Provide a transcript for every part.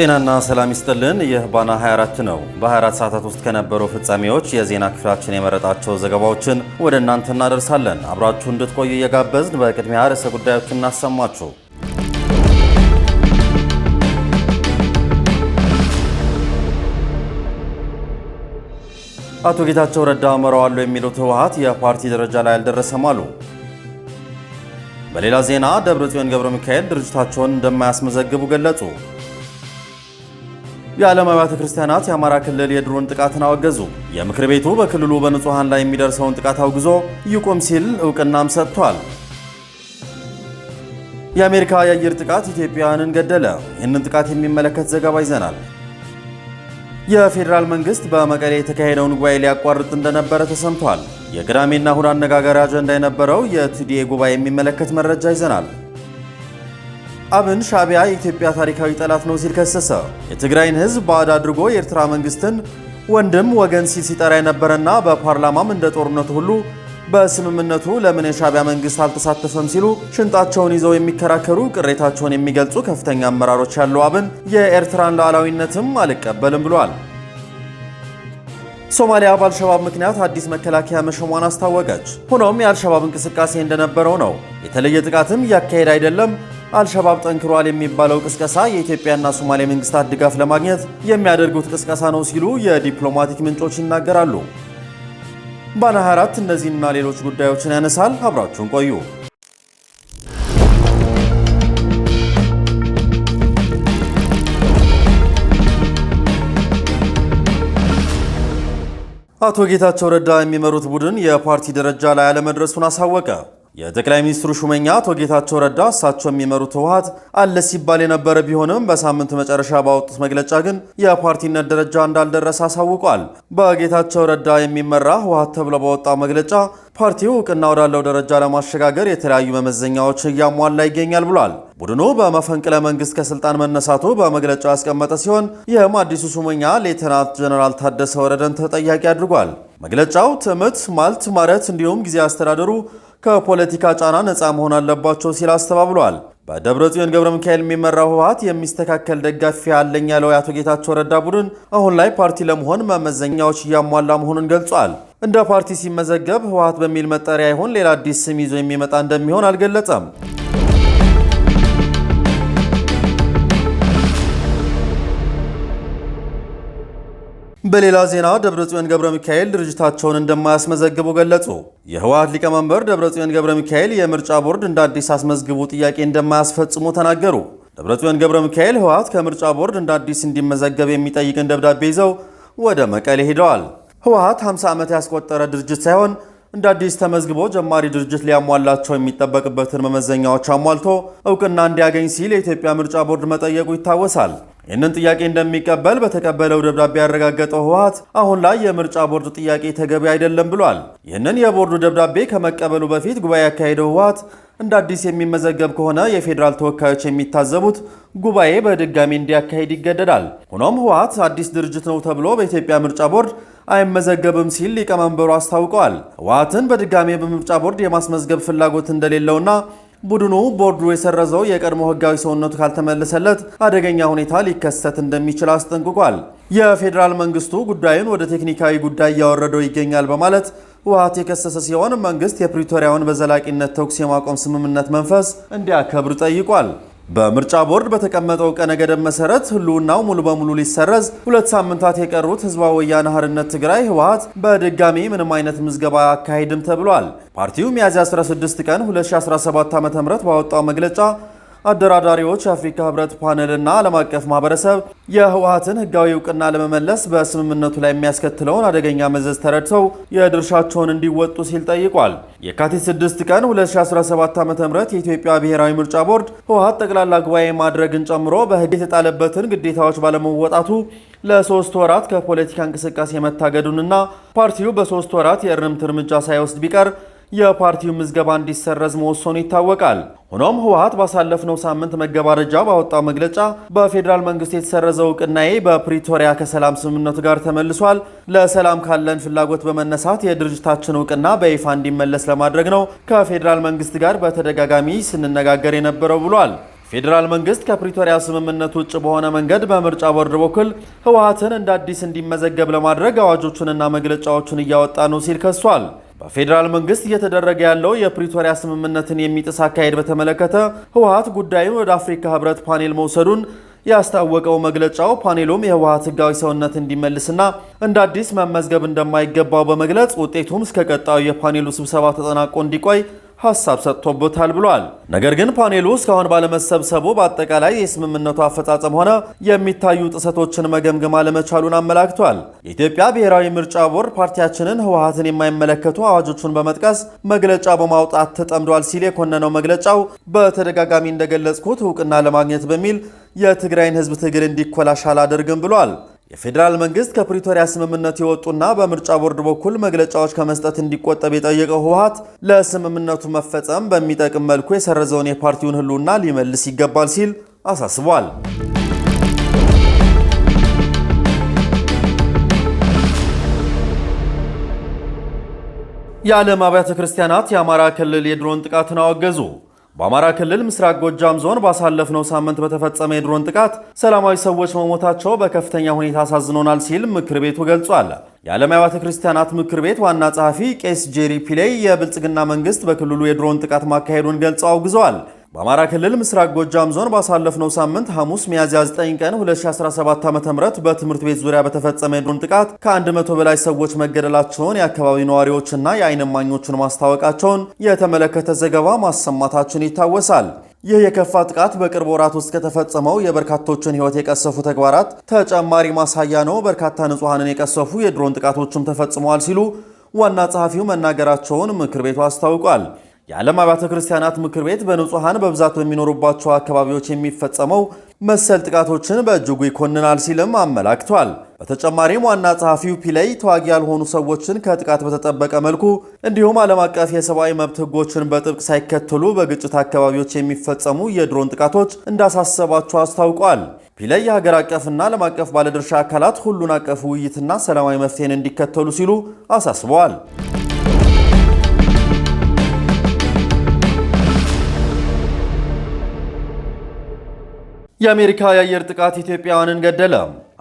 ጤናና ሰላም ይስጥልን። ይህ ባና 24 ነው። በ24 ሰዓታት ውስጥ ከነበሩ ፍጻሜዎች የዜና ክፍላችን የመረጣቸው ዘገባዎችን ወደ እናንተ እናደርሳለን። አብራችሁ እንድትቆዩ እየጋበዝን በቅድሚያ ርዕሰ ጉዳዮች እናሰማችሁ። አቶ ጌታቸው ረዳ መራዋሉ የሚሉት ህወሓት የፓርቲ ደረጃ ላይ አልደረሰም አሉ። በሌላ ዜና ደብረ ጽዮን ገብረ ሚካኤል ድርጅታቸውን እንደማያስመዘግቡ ገለጹ። የዓለም አብያተ ክርስቲያናት የአማራ ክልል የድሮን ጥቃትን አወገዙ። የምክር ቤቱ በክልሉ በንጹሐን ላይ የሚደርሰውን ጥቃት አውግዞ ይቁም ሲል እውቅናም ሰጥቷል። የአሜሪካ የአየር ጥቃት ኢትዮጵያውያንን ገደለ። ይህንን ጥቃት የሚመለከት ዘገባ ይዘናል። የፌዴራል መንግስት በመቀሌ የተካሄደውን ጉባኤ ሊያቋርጥ እንደነበረ ተሰምቷል። የቅዳሜና እሁድ አነጋጋሪ አጀንዳ የነበረው የቱዲኤ ጉባኤ የሚመለከት መረጃ ይዘናል። አብን ሻቢያ የኢትዮጵያ ታሪካዊ ጠላት ነው ሲል ከሰሰ። የትግራይን ህዝብ ባዕድ አድርጎ የኤርትራ መንግስትን ወንድም ወገን ሲል ሲጠራ የነበረና በፓርላማም እንደ ጦርነቱ ሁሉ በስምምነቱ ለምን የሻቢያ መንግስት አልተሳተፈም ሲሉ ሽንጣቸውን ይዘው የሚከራከሩ ቅሬታቸውን የሚገልጹ ከፍተኛ አመራሮች ያለው አብን የኤርትራን ሉዓላዊነትም አልቀበልም ብሏል። ሶማሊያ በአልሸባብ ምክንያት አዲስ መከላከያ መሾሟን አስታወቀች። ሆኖም የአልሸባብ እንቅስቃሴ እንደነበረው ነው። የተለየ ጥቃትም እያካሄደ አይደለም አልሸባብ ጠንክሯል የሚባለው ቅስቀሳ የኢትዮጵያና ሶማሌ መንግስታት ድጋፍ ለማግኘት የሚያደርጉት ቅስቀሳ ነው ሲሉ የዲፕሎማቲክ ምንጮች ይናገራሉ። ባለ 24 እነዚህና ሌሎች ጉዳዮችን ያነሳል። አብራችሁን ቆዩ። አቶ ጌታቸው ረዳ የሚመሩት ቡድን የፓርቲ ደረጃ ላይ አለመድረሱን አሳወቀ። የጠቅላይ ሚኒስትሩ ሹመኛ አቶ ጌታቸው ረዳ እሳቸው የሚመሩት ህወሓት አለ ሲባል የነበረ ቢሆንም በሳምንት መጨረሻ ባወጡት መግለጫ ግን የፓርቲነት ደረጃ እንዳልደረሰ አሳውቋል። በጌታቸው ረዳ የሚመራ ህወሓት ተብሎ በወጣው መግለጫ ፓርቲው እውቅና ወዳለው ደረጃ ለማሸጋገር የተለያዩ መመዘኛዎች እያሟላ ይገኛል ብሏል። ቡድኑ በመፈንቅለ መንግስት ከስልጣን መነሳቱ በመግለጫው ያስቀመጠ ሲሆን ይህም አዲሱ ሹመኛ ሌተናንት ጀነራል ታደሰ ወረደን ተጠያቂ አድርጓል። መግለጫው ትዕምት፣ ማልት፣ ማረት እንዲሁም ጊዜ አስተዳደሩ ከፖለቲካ ጫና ነፃ መሆን አለባቸው ሲል አስተባብሏል። በደብረ ጽዮን ገብረ ሚካኤል የሚመራው ህወሀት የሚስተካከል ደጋፊ አለኝ ያለው የአቶ ጌታቸው ረዳ ቡድን አሁን ላይ ፓርቲ ለመሆን መመዘኛዎች እያሟላ መሆኑን ገልጿል። እንደ ፓርቲ ሲመዘገብ ህወሀት በሚል መጠሪያ ይሆን ሌላ አዲስ ስም ይዞ የሚመጣ እንደሚሆን አልገለጸም። በሌላ ዜና ደብረጽዮን ገብረ ሚካኤል ድርጅታቸውን እንደማያስመዘግቡ ገለጹ። የህወሓት ሊቀመንበር ደብረጽዮን ገብረ ሚካኤል የምርጫ ቦርድ እንደ አዲስ አስመዝግቡ ጥያቄ እንደማያስፈጽሙ ተናገሩ። ደብረጽዮን ገብረ ሚካኤል ህወሓት ከምርጫ ቦርድ እንደ አዲስ እንዲመዘገብ የሚጠይቅን ደብዳቤ ይዘው ወደ መቀሌ ሄደዋል። ህወሓት 50 ዓመት ያስቆጠረ ድርጅት ሳይሆን እንደ አዲስ ተመዝግቦ ጀማሪ ድርጅት ሊያሟላቸው የሚጠበቅበትን መመዘኛዎች አሟልቶ እውቅና እንዲያገኝ ሲል የኢትዮጵያ ምርጫ ቦርድ መጠየቁ ይታወሳል። ይህንን ጥያቄ እንደሚቀበል በተቀበለው ደብዳቤ ያረጋገጠው ህወሓት አሁን ላይ የምርጫ ቦርድ ጥያቄ ተገቢ አይደለም ብሏል። ይህንን የቦርዱ ደብዳቤ ከመቀበሉ በፊት ጉባኤ ያካሄደው ህወሓት እንደ አዲስ የሚመዘገብ ከሆነ የፌዴራል ተወካዮች የሚታዘቡት ጉባኤ በድጋሚ እንዲያካሄድ ይገደዳል። ሆኖም ህወሓት አዲስ ድርጅት ነው ተብሎ በኢትዮጵያ ምርጫ ቦርድ አይመዘገብም ሲል ሊቀመንበሩ አስታውቀዋል። ህወሓትን በድጋሚ በምርጫ ቦርድ የማስመዝገብ ፍላጎት እንደሌለውና ቡድኑ ቦርዱ የሰረዘው የቀድሞ ህጋዊ ሰውነቱ ካልተመለሰለት አደገኛ ሁኔታ ሊከሰት እንደሚችል አስጠንቅቋል። የፌዴራል መንግስቱ ጉዳዩን ወደ ቴክኒካዊ ጉዳይ እያወረደው ይገኛል በማለት ህወሓት የከሰሰ ሲሆን መንግስት የፕሪቶሪያውን በዘላቂነት ተኩስ የማቆም ስምምነት መንፈስ እንዲያከብር ጠይቋል። በምርጫ ቦርድ በተቀመጠው ቀነ ገደብ መሰረት ህልውናው ሙሉ በሙሉ ሊሰረዝ ሁለት ሳምንታት የቀሩት ህዝባዊ ወያነ ሓርነት ትግራይ ህወሓት በድጋሚ ምንም አይነት ምዝገባ አካሄድም ተብሏል። ፓርቲው ሚያዝያ 16 ቀን 2017 ዓ.ም ባወጣው መግለጫ አደራዳሪዎች የአፍሪካ ህብረት ፓነልና ዓለም አቀፍ ማህበረሰብ የህወሀትን ህጋዊ እውቅና ለመመለስ በስምምነቱ ላይ የሚያስከትለውን አደገኛ መዘዝ ተረድተው የድርሻቸውን እንዲወጡ ሲል ጠይቋል። የካቲት 6 ቀን 2017 ዓ ም የኢትዮጵያ ብሔራዊ ምርጫ ቦርድ ህወሀት ጠቅላላ ጉባኤ ማድረግን ጨምሮ በህግ የተጣለበትን ግዴታዎች ባለመወጣቱ ለሶስት ወራት ከፖለቲካ እንቅስቃሴ መታገዱንና ፓርቲው በሶስት ወራት የእርምት እርምጃ ሳይወስድ ቢቀር የፓርቲው ምዝገባ እንዲሰረዝ መወሰኑ ይታወቃል። ሆኖም ህወሀት ባሳለፍነው ሳምንት መገባደጃ ባወጣው መግለጫ በፌዴራል መንግስት የተሰረዘው እውቅናዬ በፕሪቶሪያ ከሰላም ስምምነቱ ጋር ተመልሷል። ለሰላም ካለን ፍላጎት በመነሳት የድርጅታችን እውቅና በይፋ እንዲመለስ ለማድረግ ነው ከፌዴራል መንግስት ጋር በተደጋጋሚ ስንነጋገር የነበረው ብሏል። ፌዴራል መንግስት ከፕሪቶሪያ ስምምነት ውጭ በሆነ መንገድ በምርጫ ቦርድ በኩል ህወሀትን እንደ አዲስ እንዲመዘገብ ለማድረግ አዋጆቹንና መግለጫዎቹን እያወጣ ነው ሲል ከሷል። በፌዴራል መንግስት እየተደረገ ያለው የፕሪቶሪያ ስምምነትን የሚጥስ አካሄድ በተመለከተ ህወሀት ጉዳዩን ወደ አፍሪካ ህብረት ፓኔል መውሰዱን ያስታወቀው መግለጫው ፓኔሉም የህወሀት ህጋዊ ሰውነት እንዲመልስና እንደ አዲስ መመዝገብ እንደማይገባው በመግለጽ ውጤቱም እስከ ቀጣዩ የፓኔሉ ስብሰባ ተጠናቆ እንዲቆይ ሀሳብ ሰጥቶበታል ብሏል። ነገር ግን ፓኔሉ እስካሁን ባለመሰብሰቡ በአጠቃላይ የስምምነቱ አፈጻጸም ሆነ የሚታዩ ጥሰቶችን መገምገም አለመቻሉን አመላክቷል። የኢትዮጵያ ብሔራዊ ምርጫ ቦርድ ፓርቲያችንን ህወሀትን የማይመለከቱ አዋጆቹን በመጥቀስ መግለጫ በማውጣት ተጠምዷል ሲል የኮነነው መግለጫው በተደጋጋሚ እንደገለጽኩት እውቅና ለማግኘት በሚል የትግራይን ህዝብ ትግል እንዲኮላሽ አላደርግም ብሏል። የፌዴራል መንግስት ከፕሪቶሪያ ስምምነት የወጡና በምርጫ ቦርድ በኩል መግለጫዎች ከመስጠት እንዲቆጠብ የጠየቀው ህወሓት ለስምምነቱ መፈጸም በሚጠቅም መልኩ የሰረዘውን የፓርቲውን ህልውና ሊመልስ ይገባል ሲል አሳስቧል። የዓለም አብያተ ክርስቲያናት የአማራ ክልል የድሮን ጥቃትን አወገዙ። በአማራ ክልል ምስራቅ ጎጃም ዞን ባሳለፍነው ሳምንት በተፈጸመ የድሮን ጥቃት ሰላማዊ ሰዎች መሞታቸው በከፍተኛ ሁኔታ አሳዝኖናል ሲል ምክር ቤቱ ገልጿል። የዓለም አብያተ ክርስቲያናት ምክር ቤት ዋና ጸሐፊ ቄስ ጄሪ ፒሌይ የብልጽግና መንግስት በክልሉ የድሮን ጥቃት ማካሄዱን ገልጸው አውግዘዋል። በአማራ ክልል ምስራቅ ጎጃም ዞን ባሳለፍነው ሳምንት ሐሙስ ሚያዝያ 9 ቀን 2017 ዓ.ም በትምህርት ቤት ዙሪያ በተፈጸመ የድሮን ጥቃት ከ100 በላይ ሰዎች መገደላቸውን የአካባቢ ነዋሪዎችና የአይን እማኞቹን ማስታወቃቸውን የተመለከተ ዘገባ ማሰማታችን ይታወሳል። ይህ የከፋ ጥቃት በቅርብ ወራት ውስጥ ከተፈጸመው የበርካቶችን ሕይወት የቀሰፉ ተግባራት ተጨማሪ ማሳያ ነው። በርካታ ንጹሐንን የቀሰፉ የድሮን ጥቃቶችም ተፈጽመዋል ሲሉ ዋና ጸሐፊው መናገራቸውን ምክር ቤቱ አስታውቋል። የዓለም አብያተ ክርስቲያናት ምክር ቤት በንጹሐን በብዛት በሚኖሩባቸው አካባቢዎች የሚፈጸመው መሰል ጥቃቶችን በእጅጉ ይኮንናል ሲልም አመላክቷል። በተጨማሪም ዋና ጸሐፊው ፒላይ ተዋጊ ያልሆኑ ሰዎችን ከጥቃት በተጠበቀ መልኩ እንዲሁም ዓለም አቀፍ የሰብአዊ መብት ሕጎችን በጥብቅ ሳይከተሉ በግጭት አካባቢዎች የሚፈጸሙ የድሮን ጥቃቶች እንዳሳሰባቸው አስታውቋል። ፒላይ የሀገር አቀፍና ዓለም አቀፍ ባለድርሻ አካላት ሁሉን አቀፍ ውይይትና ሰላማዊ መፍትሄን እንዲከተሉ ሲሉ አሳስበዋል። የአሜሪካ የአየር ጥቃት ኢትዮጵያውያንን ገደለ።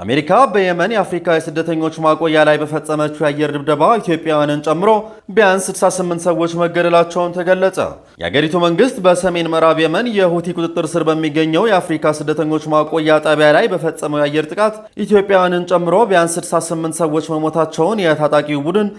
አሜሪካ በየመን የአፍሪካ የስደተኞች ማቆያ ላይ በፈጸመችው የአየር ድብደባ ኢትዮጵያውያንን ጨምሮ ቢያንስ 68 ሰዎች መገደላቸውን ተገለጸ። የአገሪቱ መንግስት በሰሜን ምዕራብ የመን የሁቲ ቁጥጥር ስር በሚገኘው የአፍሪካ ስደተኞች ማቆያ ጣቢያ ላይ በፈጸመው የአየር ጥቃት ኢትዮጵያውያንን ጨምሮ ቢያንስ 68 ሰዎች መሞታቸውን የታጣቂው ቡድን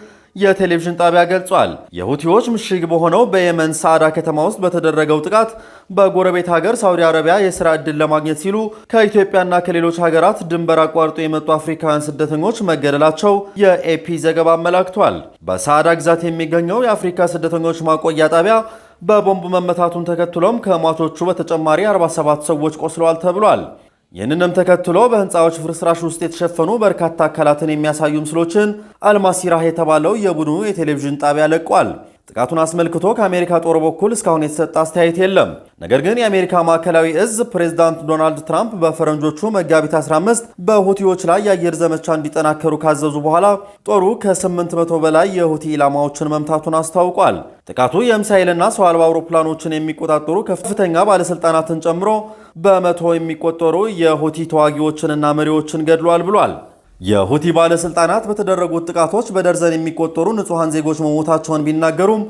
የቴሌቪዥን ጣቢያ ገልጿል። የሁቲዎች ምሽግ በሆነው በየመን ሳዕዳ ከተማ ውስጥ በተደረገው ጥቃት በጎረቤት ሀገር ሳውዲ አረቢያ የስራ ዕድል ለማግኘት ሲሉ ከኢትዮጵያና ከሌሎች ሀገራት ድንበር አቋርጦ የመጡ አፍሪካውያን ስደተኞች መገደላቸው የኤፒ ዘገባ አመላክቷል። በሳዕዳ ግዛት የሚገኘው የአፍሪካ ስደተኞች ማቆያ ጣቢያ በቦምብ መመታቱን ተከትሎም ከሟቾቹ በተጨማሪ 47 ሰዎች ቆስለዋል ተብሏል። ይህንንም ተከትሎ በህንፃዎች ፍርስራሽ ውስጥ የተሸፈኑ በርካታ አካላትን የሚያሳዩ ምስሎችን አልማሲራህ የተባለው የቡድኑ የቴሌቪዥን ጣቢያ ለቋል። ጥቃቱን አስመልክቶ ከአሜሪካ ጦር በኩል እስካሁን የተሰጠ አስተያየት የለም። ነገር ግን የአሜሪካ ማዕከላዊ እዝ ፕሬዝዳንት ዶናልድ ትራምፕ በፈረንጆቹ መጋቢት 15 በሁቲዎች ላይ የአየር ዘመቻ እንዲጠናከሩ ካዘዙ በኋላ ጦሩ ከ800 በላይ የሁቲ ኢላማዎችን መምታቱን አስታውቋል። ጥቃቱ የሚሳኤልና ሰው አልባ አውሮፕላኖችን የሚቆጣጠሩ ከፍተኛ ባለሥልጣናትን ጨምሮ በመቶ የሚቆጠሩ የሁቲ ተዋጊዎችንና መሪዎችን ገድሏል ብሏል። የሁቲ ባለሥልጣናት በተደረጉት ጥቃቶች በደርዘን የሚቆጠሩ ንጹሐን ዜጎች መሞታቸውን ቢናገሩም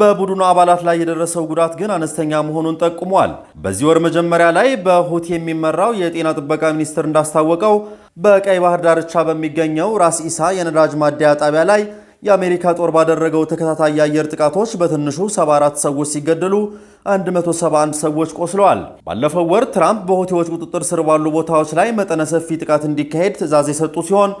በቡድኑ አባላት ላይ የደረሰው ጉዳት ግን አነስተኛ መሆኑን ጠቁሟል። በዚህ ወር መጀመሪያ ላይ በሁቲ የሚመራው የጤና ጥበቃ ሚኒስቴር እንዳስታወቀው በቀይ ባህር ዳርቻ በሚገኘው ራስ ኢሳ የነዳጅ ማደያ ጣቢያ ላይ የአሜሪካ ጦር ባደረገው ተከታታይ የአየር ጥቃቶች በትንሹ 74 ሰዎች ሲገደሉ 171 ሰዎች ቆስለዋል። ባለፈው ወር ትራምፕ በሆቴዎች ቁጥጥር ስር ባሉ ቦታዎች ላይ መጠነ ሰፊ ጥቃት እንዲካሄድ ትዕዛዝ የሰጡ ሲሆን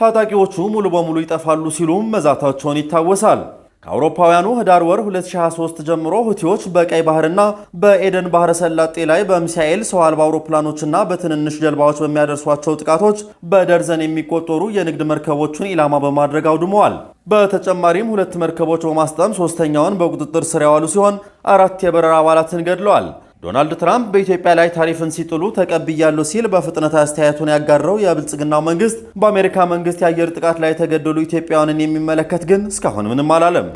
ታጣቂዎቹ ሙሉ በሙሉ ይጠፋሉ ሲሉም መዛታቸውን ይታወሳል። ከአውሮፓውያኑ ህዳር ወር 2023 ጀምሮ ሁቲዎች በቀይ ባህርና በኤደን ባህረ ሰላጤ ላይ በሚሳኤል ሰው አልባ አውሮፕላኖችና በትንንሽ ጀልባዎች በሚያደርሷቸው ጥቃቶች በደርዘን የሚቆጠሩ የንግድ መርከቦችን ኢላማ በማድረግ አውድመዋል። በተጨማሪም ሁለት መርከቦች በማስጠም ሶስተኛውን በቁጥጥር ስር ያዋሉ ሲሆን አራት የበረራ አባላትን ገድለዋል። ዶናልድ ትራምፕ በኢትዮጵያ ላይ ታሪፍን ሲጥሉ ተቀብያለሁ ሲል በፍጥነት አስተያየቱን ያጋራው የብልጽግናው መንግስት በአሜሪካ መንግስት የአየር ጥቃት ላይ የተገደሉ ኢትዮጵያውያንን የሚመለከት ግን እስካሁን ምንም አላለም።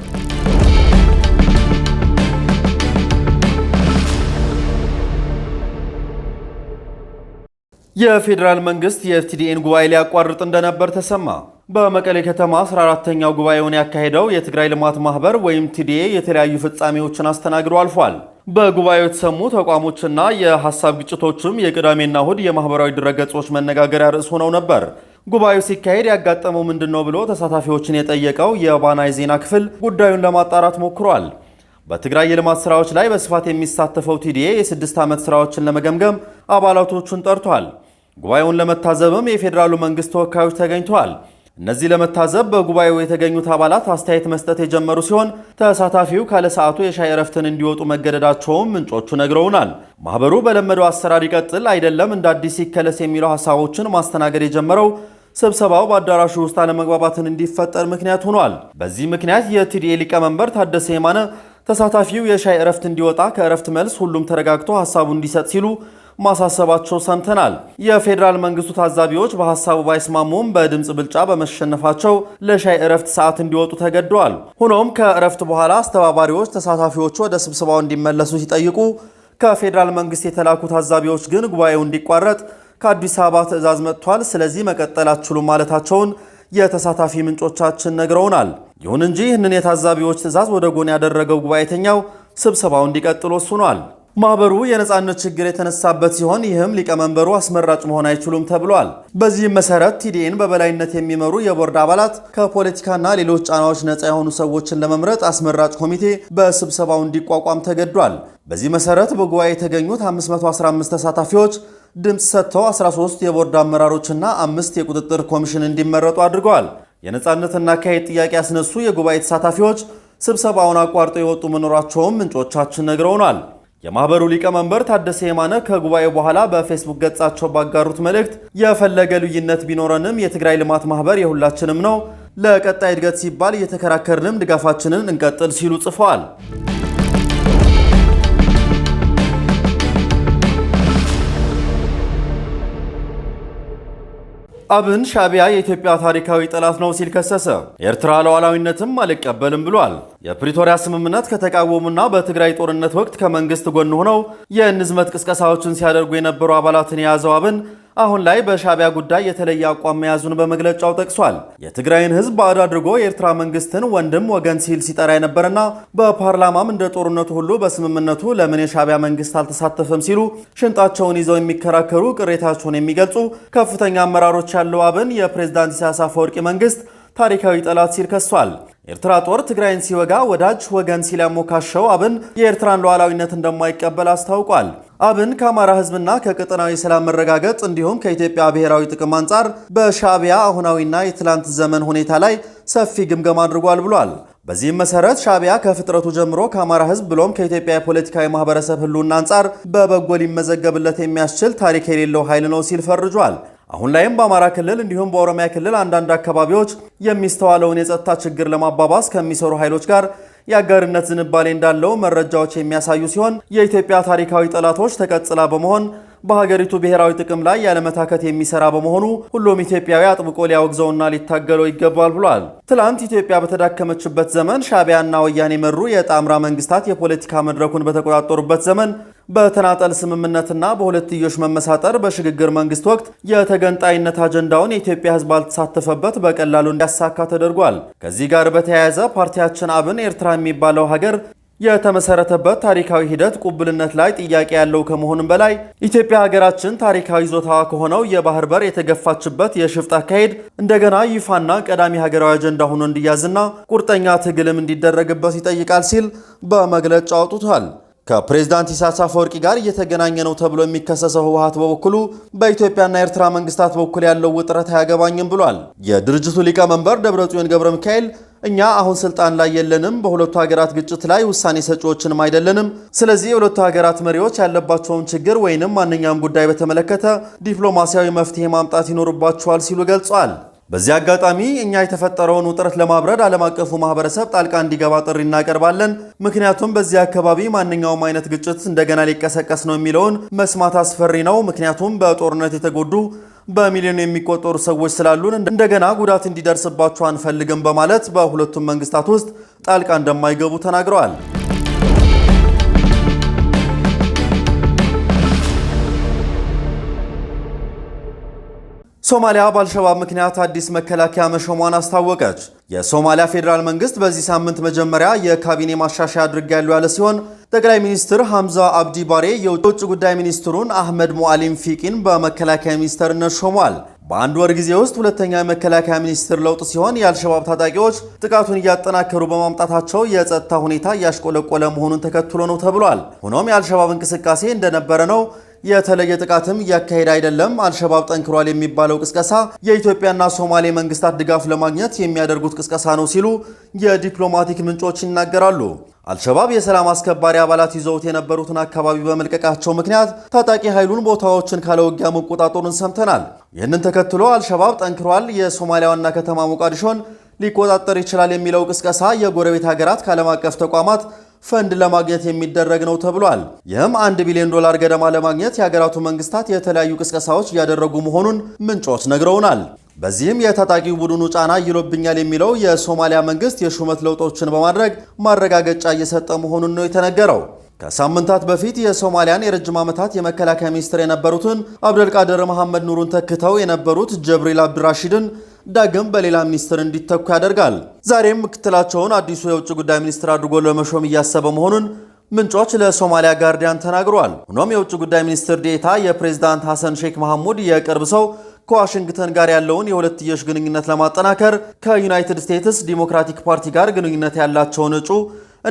የፌዴራል መንግስት የኤፍቲዲኤን ጉባኤ ሊያቋርጥ እንደነበር ተሰማ። በመቀሌ ከተማ 14ተኛው ጉባኤውን ያካሄደው የትግራይ ልማት ማህበር ወይም ቲዲኤ የተለያዩ ፍጻሜዎችን አስተናግዶ አልፏል። በጉባኤው የተሰሙ ተቋሞችና የሀሳብ ግጭቶችም የቅዳሜና እሁድ የማህበራዊ ድረገጾች መነጋገሪያ ርዕስ ሆነው ነበር። ጉባኤው ሲካሄድ ያጋጠመው ምንድን ነው ብሎ ተሳታፊዎችን የጠየቀው የባናይ ዜና ክፍል ጉዳዩን ለማጣራት ሞክሯል። በትግራይ የልማት ስራዎች ላይ በስፋት የሚሳተፈው ቲዲኤ የስድስት ዓመት ስራዎችን ለመገምገም አባላቶቹን ጠርቷል። ጉባኤውን ለመታዘብም የፌዴራሉ መንግስት ተወካዮች ተገኝተዋል። እነዚህ ለመታዘብ በጉባኤው የተገኙት አባላት አስተያየት መስጠት የጀመሩ ሲሆን ተሳታፊው ካለ ሰዓቱ የሻይ እረፍትን እንዲወጡ መገደዳቸውም ምንጮቹ ነግረውናል። ማህበሩ በለመደው አሰራር ይቀጥል አይደለም እንደ አዲስ ይከለስ የሚለው ሀሳቦችን ማስተናገድ የጀመረው ስብሰባው በአዳራሹ ውስጥ አለመግባባትን እንዲፈጠር ምክንያት ሆኗል። በዚህ ምክንያት የቲዲኤ ሊቀመንበር ታደሰ የማነ ተሳታፊው የሻይ እረፍት እንዲወጣ ከእረፍት መልስ ሁሉም ተረጋግቶ ሀሳቡ እንዲሰጥ ሲሉ ማሳሰባቸው ሰምተናል። የፌዴራል መንግስቱ ታዛቢዎች በሀሳቡ ባይስማሙም በድምፅ ብልጫ በመሸነፋቸው ለሻይ እረፍት ሰዓት እንዲወጡ ተገደዋል። ሆኖም ከእረፍት በኋላ አስተባባሪዎች ተሳታፊዎቹ ወደ ስብሰባው እንዲመለሱ ሲጠይቁ ከፌዴራል መንግስት የተላኩ ታዛቢዎች ግን ጉባኤው እንዲቋረጥ ከአዲስ አበባ ትዕዛዝ መጥቷል፣ ስለዚህ መቀጠል አትችሉም ማለታቸውን የተሳታፊ ምንጮቻችን ነግረውናል። ይሁን እንጂ ይህንን የታዛቢዎች ትዕዛዝ ወደ ጎን ያደረገው ጉባኤተኛው ስብሰባው እንዲቀጥል ወስኗል። ማህበሩ የነፃነት ችግር የተነሳበት ሲሆን ይህም ሊቀመንበሩ አስመራጭ መሆን አይችሉም ተብሏል። በዚህም መሰረት ቲዲኤን በበላይነት የሚመሩ የቦርድ አባላት ከፖለቲካና ሌሎች ጫናዎች ነፃ የሆኑ ሰዎችን ለመምረጥ አስመራጭ ኮሚቴ በስብሰባው እንዲቋቋም ተገዷል። በዚህ መሰረት በጉባኤ የተገኙት 515 ተሳታፊዎች ድምፅ ሰጥተው 13 የቦርድ አመራሮችና አምስት የቁጥጥር ኮሚሽን እንዲመረጡ አድርገዋል። የነፃነትና አካሄድ ጥያቄ ያስነሱ የጉባኤ ተሳታፊዎች ስብሰባውን አቋርጠው የወጡ መኖራቸውም ምንጮቻችን ነግረውናል። የማህበሩ ሊቀመንበር ታደሰ የማነ ከጉባኤው በኋላ በፌስቡክ ገጻቸው ባጋሩት መልእክት የፈለገ ልዩነት ቢኖረንም የትግራይ ልማት ማህበር የሁላችንም ነው፣ ለቀጣይ እድገት ሲባል እየተከራከርንም ድጋፋችንን እንቀጥል ሲሉ ጽፈዋል። አብን ሻቢያ የኢትዮጵያ ታሪካዊ ጠላት ነው ሲል ከሰሰ። ኤርትራ ሉዓላዊነትም አልቀበልም ብሏል። የፕሪቶሪያ ስምምነት ከተቃወሙና በትግራይ ጦርነት ወቅት ከመንግስት ጎን ሆነው የንዝመት ቅስቀሳዎችን ሲያደርጉ የነበሩ አባላትን የያዘው አብን አሁን ላይ በሻቢያ ጉዳይ የተለየ አቋም መያዙን በመግለጫው ጠቅሷል። የትግራይን ሕዝብ ባዕድ አድርጎ የኤርትራ መንግስትን ወንድም ወገን ሲል ሲጠራ የነበረና በፓርላማም እንደ ጦርነቱ ሁሉ በስምምነቱ ለምን የሻቢያ መንግስት አልተሳተፈም ሲሉ ሽንጣቸውን ይዘው የሚከራከሩ ቅሬታቸውን የሚገልጹ ከፍተኛ አመራሮች ያለው አብን የፕሬዝዳንት ኢሳያስ አፈወርቂ መንግስት ታሪካዊ ጠላት ሲል ከሷል። ኤርትራ ጦር ትግራይን ሲወጋ ወዳጅ ወገን ሲል ያሞካሸው አብን የኤርትራን ሉዓላዊነት እንደማይቀበል አስታውቋል። አብን ከአማራ ህዝብና ከቀጠናዊ ሰላም መረጋገጥ እንዲሁም ከኢትዮጵያ ብሔራዊ ጥቅም አንጻር በሻዕቢያ አሁናዊና የትላንት ዘመን ሁኔታ ላይ ሰፊ ግምገማ አድርጓል ብሏል። በዚህም መሰረት ሻዕቢያ ከፍጥረቱ ጀምሮ ከአማራ ህዝብ ብሎም ከኢትዮጵያ የፖለቲካዊ ማህበረሰብ ህልውና አንጻር በበጎ ሊመዘገብለት የሚያስችል ታሪክ የሌለው ኃይል ነው ሲል ፈርጇል። አሁን ላይም በአማራ ክልል እንዲሁም በኦሮሚያ ክልል አንዳንድ አካባቢዎች የሚስተዋለውን የጸጥታ ችግር ለማባባስ ከሚሰሩ ኃይሎች ጋር የአጋርነት ዝንባሌ እንዳለው መረጃዎች የሚያሳዩ ሲሆን የኢትዮጵያ ታሪካዊ ጠላቶች ተቀጽላ በመሆን በሀገሪቱ ብሔራዊ ጥቅም ላይ ያለመታከት የሚሰራ በመሆኑ ሁሉም ኢትዮጵያዊ አጥብቆ ሊያወግዘውና ሊታገለው ይገባል ብሏል። ትላንት ኢትዮጵያ በተዳከመችበት ዘመን ሻቢያና ወያኔ መሩ የጣምራ መንግስታት የፖለቲካ መድረኩን በተቆጣጠሩበት ዘመን በተናጠል ስምምነትና በሁለትዮሽ መመሳጠር በሽግግር መንግስት ወቅት የተገንጣይነት አጀንዳውን የኢትዮጵያ ሕዝብ አልተሳተፈበት በቀላሉ እንዲያሳካ ተደርጓል። ከዚህ ጋር በተያያዘ ፓርቲያችን አብን ኤርትራ የሚባለው ሀገር የተመሰረተበት ታሪካዊ ሂደት ቁብልነት ላይ ጥያቄ ያለው ከመሆኑም በላይ ኢትዮጵያ ሀገራችን ታሪካዊ ይዞታዋ ከሆነው የባህር በር የተገፋችበት የሽፍጥ አካሄድ እንደገና ይፋና ቀዳሚ ሀገራዊ አጀንዳ ሆኖ እንዲያዝና ቁርጠኛ ትግልም እንዲደረግበት ይጠይቃል ሲል በመግለጫ አውጥቷል። ከፕሬዝዳንት ኢሳያስ አፈወርቂ ጋር እየተገናኘ ነው ተብሎ የሚከሰሰው ህወሀት በበኩሉ በኢትዮጵያና ኤርትራ መንግስታት በኩል ያለው ውጥረት አያገባኝም ብሏል። የድርጅቱ ሊቀመንበር ደብረጽዮን ገብረ ሚካኤል እኛ አሁን ስልጣን ላይ የለንም። በሁለቱ ሀገራት ግጭት ላይ ውሳኔ ሰጪዎችንም አይደለንም። ስለዚህ የሁለቱ ሀገራት መሪዎች ያለባቸውን ችግር ወይንም ማንኛውም ጉዳይ በተመለከተ ዲፕሎማሲያዊ መፍትሄ ማምጣት ይኖርባቸዋል ሲሉ ገልጿል። በዚህ አጋጣሚ እኛ የተፈጠረውን ውጥረት ለማብረድ ዓለም አቀፉ ማህበረሰብ ጣልቃ እንዲገባ ጥሪ እናቀርባለን። ምክንያቱም በዚህ አካባቢ ማንኛውም አይነት ግጭት እንደገና ሊቀሰቀስ ነው የሚለውን መስማት አስፈሪ ነው። ምክንያቱም በጦርነት የተጎዱ በሚሊዮን የሚቆጠሩ ሰዎች ስላሉን እንደገና ጉዳት እንዲደርስባቸው አንፈልግም በማለት በሁለቱም መንግስታት ውስጥ ጣልቃ እንደማይገቡ ተናግረዋል። ሶማሊያ በአልሸባብ ምክንያት አዲስ መከላከያ መሾሟን አስታወቀች። የሶማሊያ ፌዴራል መንግስት በዚህ ሳምንት መጀመሪያ የካቢኔ ማሻሻያ አድርጌያለሁ ያለ ሲሆን ጠቅላይ ሚኒስትር ሐምዛ አብዲ ባሬ የውጭ ጉዳይ ሚኒስትሩን አህመድ ሙአሊም ፊቂን በመከላከያ ሚኒስተርነት ሾሟል። በአንድ ወር ጊዜ ውስጥ ሁለተኛ የመከላከያ ሚኒስትር ለውጥ ሲሆን የአልሸባብ ታጣቂዎች ጥቃቱን እያጠናከሩ በማምጣታቸው የጸጥታ ሁኔታ እያሽቆለቆለ መሆኑን ተከትሎ ነው ተብሏል። ሆኖም የአልሸባብ እንቅስቃሴ እንደነበረ ነው የተለየ ጥቃትም እያካሄደ አይደለም። አልሸባብ ጠንክሯል የሚባለው ቅስቀሳ የኢትዮጵያና ሶማሌ መንግስታት ድጋፍ ለማግኘት የሚያደርጉት ቅስቀሳ ነው ሲሉ የዲፕሎማቲክ ምንጮች ይናገራሉ። አልሸባብ የሰላም አስከባሪ አባላት ይዘውት የነበሩትን አካባቢ በመልቀቃቸው ምክንያት ታጣቂ ኃይሉን ቦታዎችን ካለውጊያ መቆጣጠሩን ሰምተናል። ይህንን ተከትሎ አልሸባብ ጠንክሯል፣ የሶማሊያ ዋና ከተማ ሞቃዲሾን ሊቆጣጠር ይችላል የሚለው ቅስቀሳ የጎረቤት ሀገራት ከዓለም አቀፍ ተቋማት ፈንድ ለማግኘት የሚደረግ ነው ተብሏል። ይህም አንድ ቢሊዮን ዶላር ገደማ ለማግኘት የሀገራቱ መንግስታት የተለያዩ ቅስቀሳዎች እያደረጉ መሆኑን ምንጮች ነግረውናል። በዚህም የታጣቂው ቡድኑ ጫና ይሎብኛል የሚለው የሶማሊያ መንግስት የሹመት ለውጦችን በማድረግ ማረጋገጫ እየሰጠ መሆኑን ነው የተነገረው። ከሳምንታት በፊት የሶማሊያን የረጅም ዓመታት የመከላከያ ሚኒስትር የነበሩትን አብደልቃድር መሐመድ ኑሩን ተክተው የነበሩት ጀብሪል አብድራሺድን ዳግም በሌላ ሚኒስትር እንዲተኩ ያደርጋል። ዛሬም ምክትላቸውን አዲሱ የውጭ ጉዳይ ሚኒስትር አድርጎ ለመሾም እያሰበ መሆኑን ምንጮች ለሶማሊያ ጋርዲያን ተናግረዋል። ሆኖም የውጭ ጉዳይ ሚኒስትር ዴታ የፕሬዝዳንት ሐሰን ሼክ መሐሙድ የቅርብ ሰው ከዋሽንግተን ጋር ያለውን የሁለትዮሽ ግንኙነት ለማጠናከር ከዩናይትድ ስቴትስ ዲሞክራቲክ ፓርቲ ጋር ግንኙነት ያላቸውን እጩ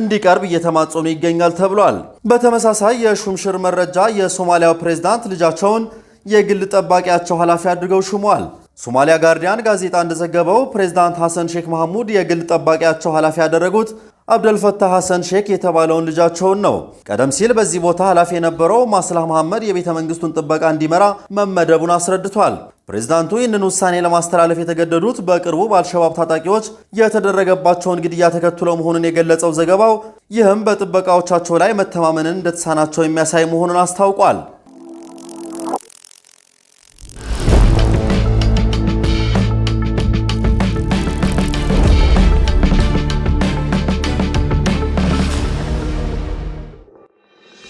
እንዲቀርብ እየተማጸኑ ይገኛል ተብሏል። በተመሳሳይ የሹምሽር መረጃ የሶማሊያው ፕሬዝዳንት ልጃቸውን የግል ጠባቂያቸው ኃላፊ አድርገው ሹመዋል። ሶማሊያ ጋርዲያን ጋዜጣ እንደዘገበው ፕሬዝዳንት ሐሰን ሼክ መሐሙድ የግል ጠባቂያቸው ኃላፊ ያደረጉት አብደልፈታህ ሐሰን ሼክ የተባለውን ልጃቸውን ነው። ቀደም ሲል በዚህ ቦታ ኃላፊ የነበረው ማስላህ መሐመድ የቤተ መንግስቱን ጥበቃ እንዲመራ መመደቡን አስረድቷል። ፕሬዝዳንቱ ይህንን ውሳኔ ለማስተላለፍ የተገደዱት በቅርቡ በአልሸባብ ታጣቂዎች የተደረገባቸውን ግድያ ተከትሎ መሆኑን የገለጸው ዘገባው ይህም በጥበቃዎቻቸው ላይ መተማመንን እንደተሳናቸው የሚያሳይ መሆኑን አስታውቋል።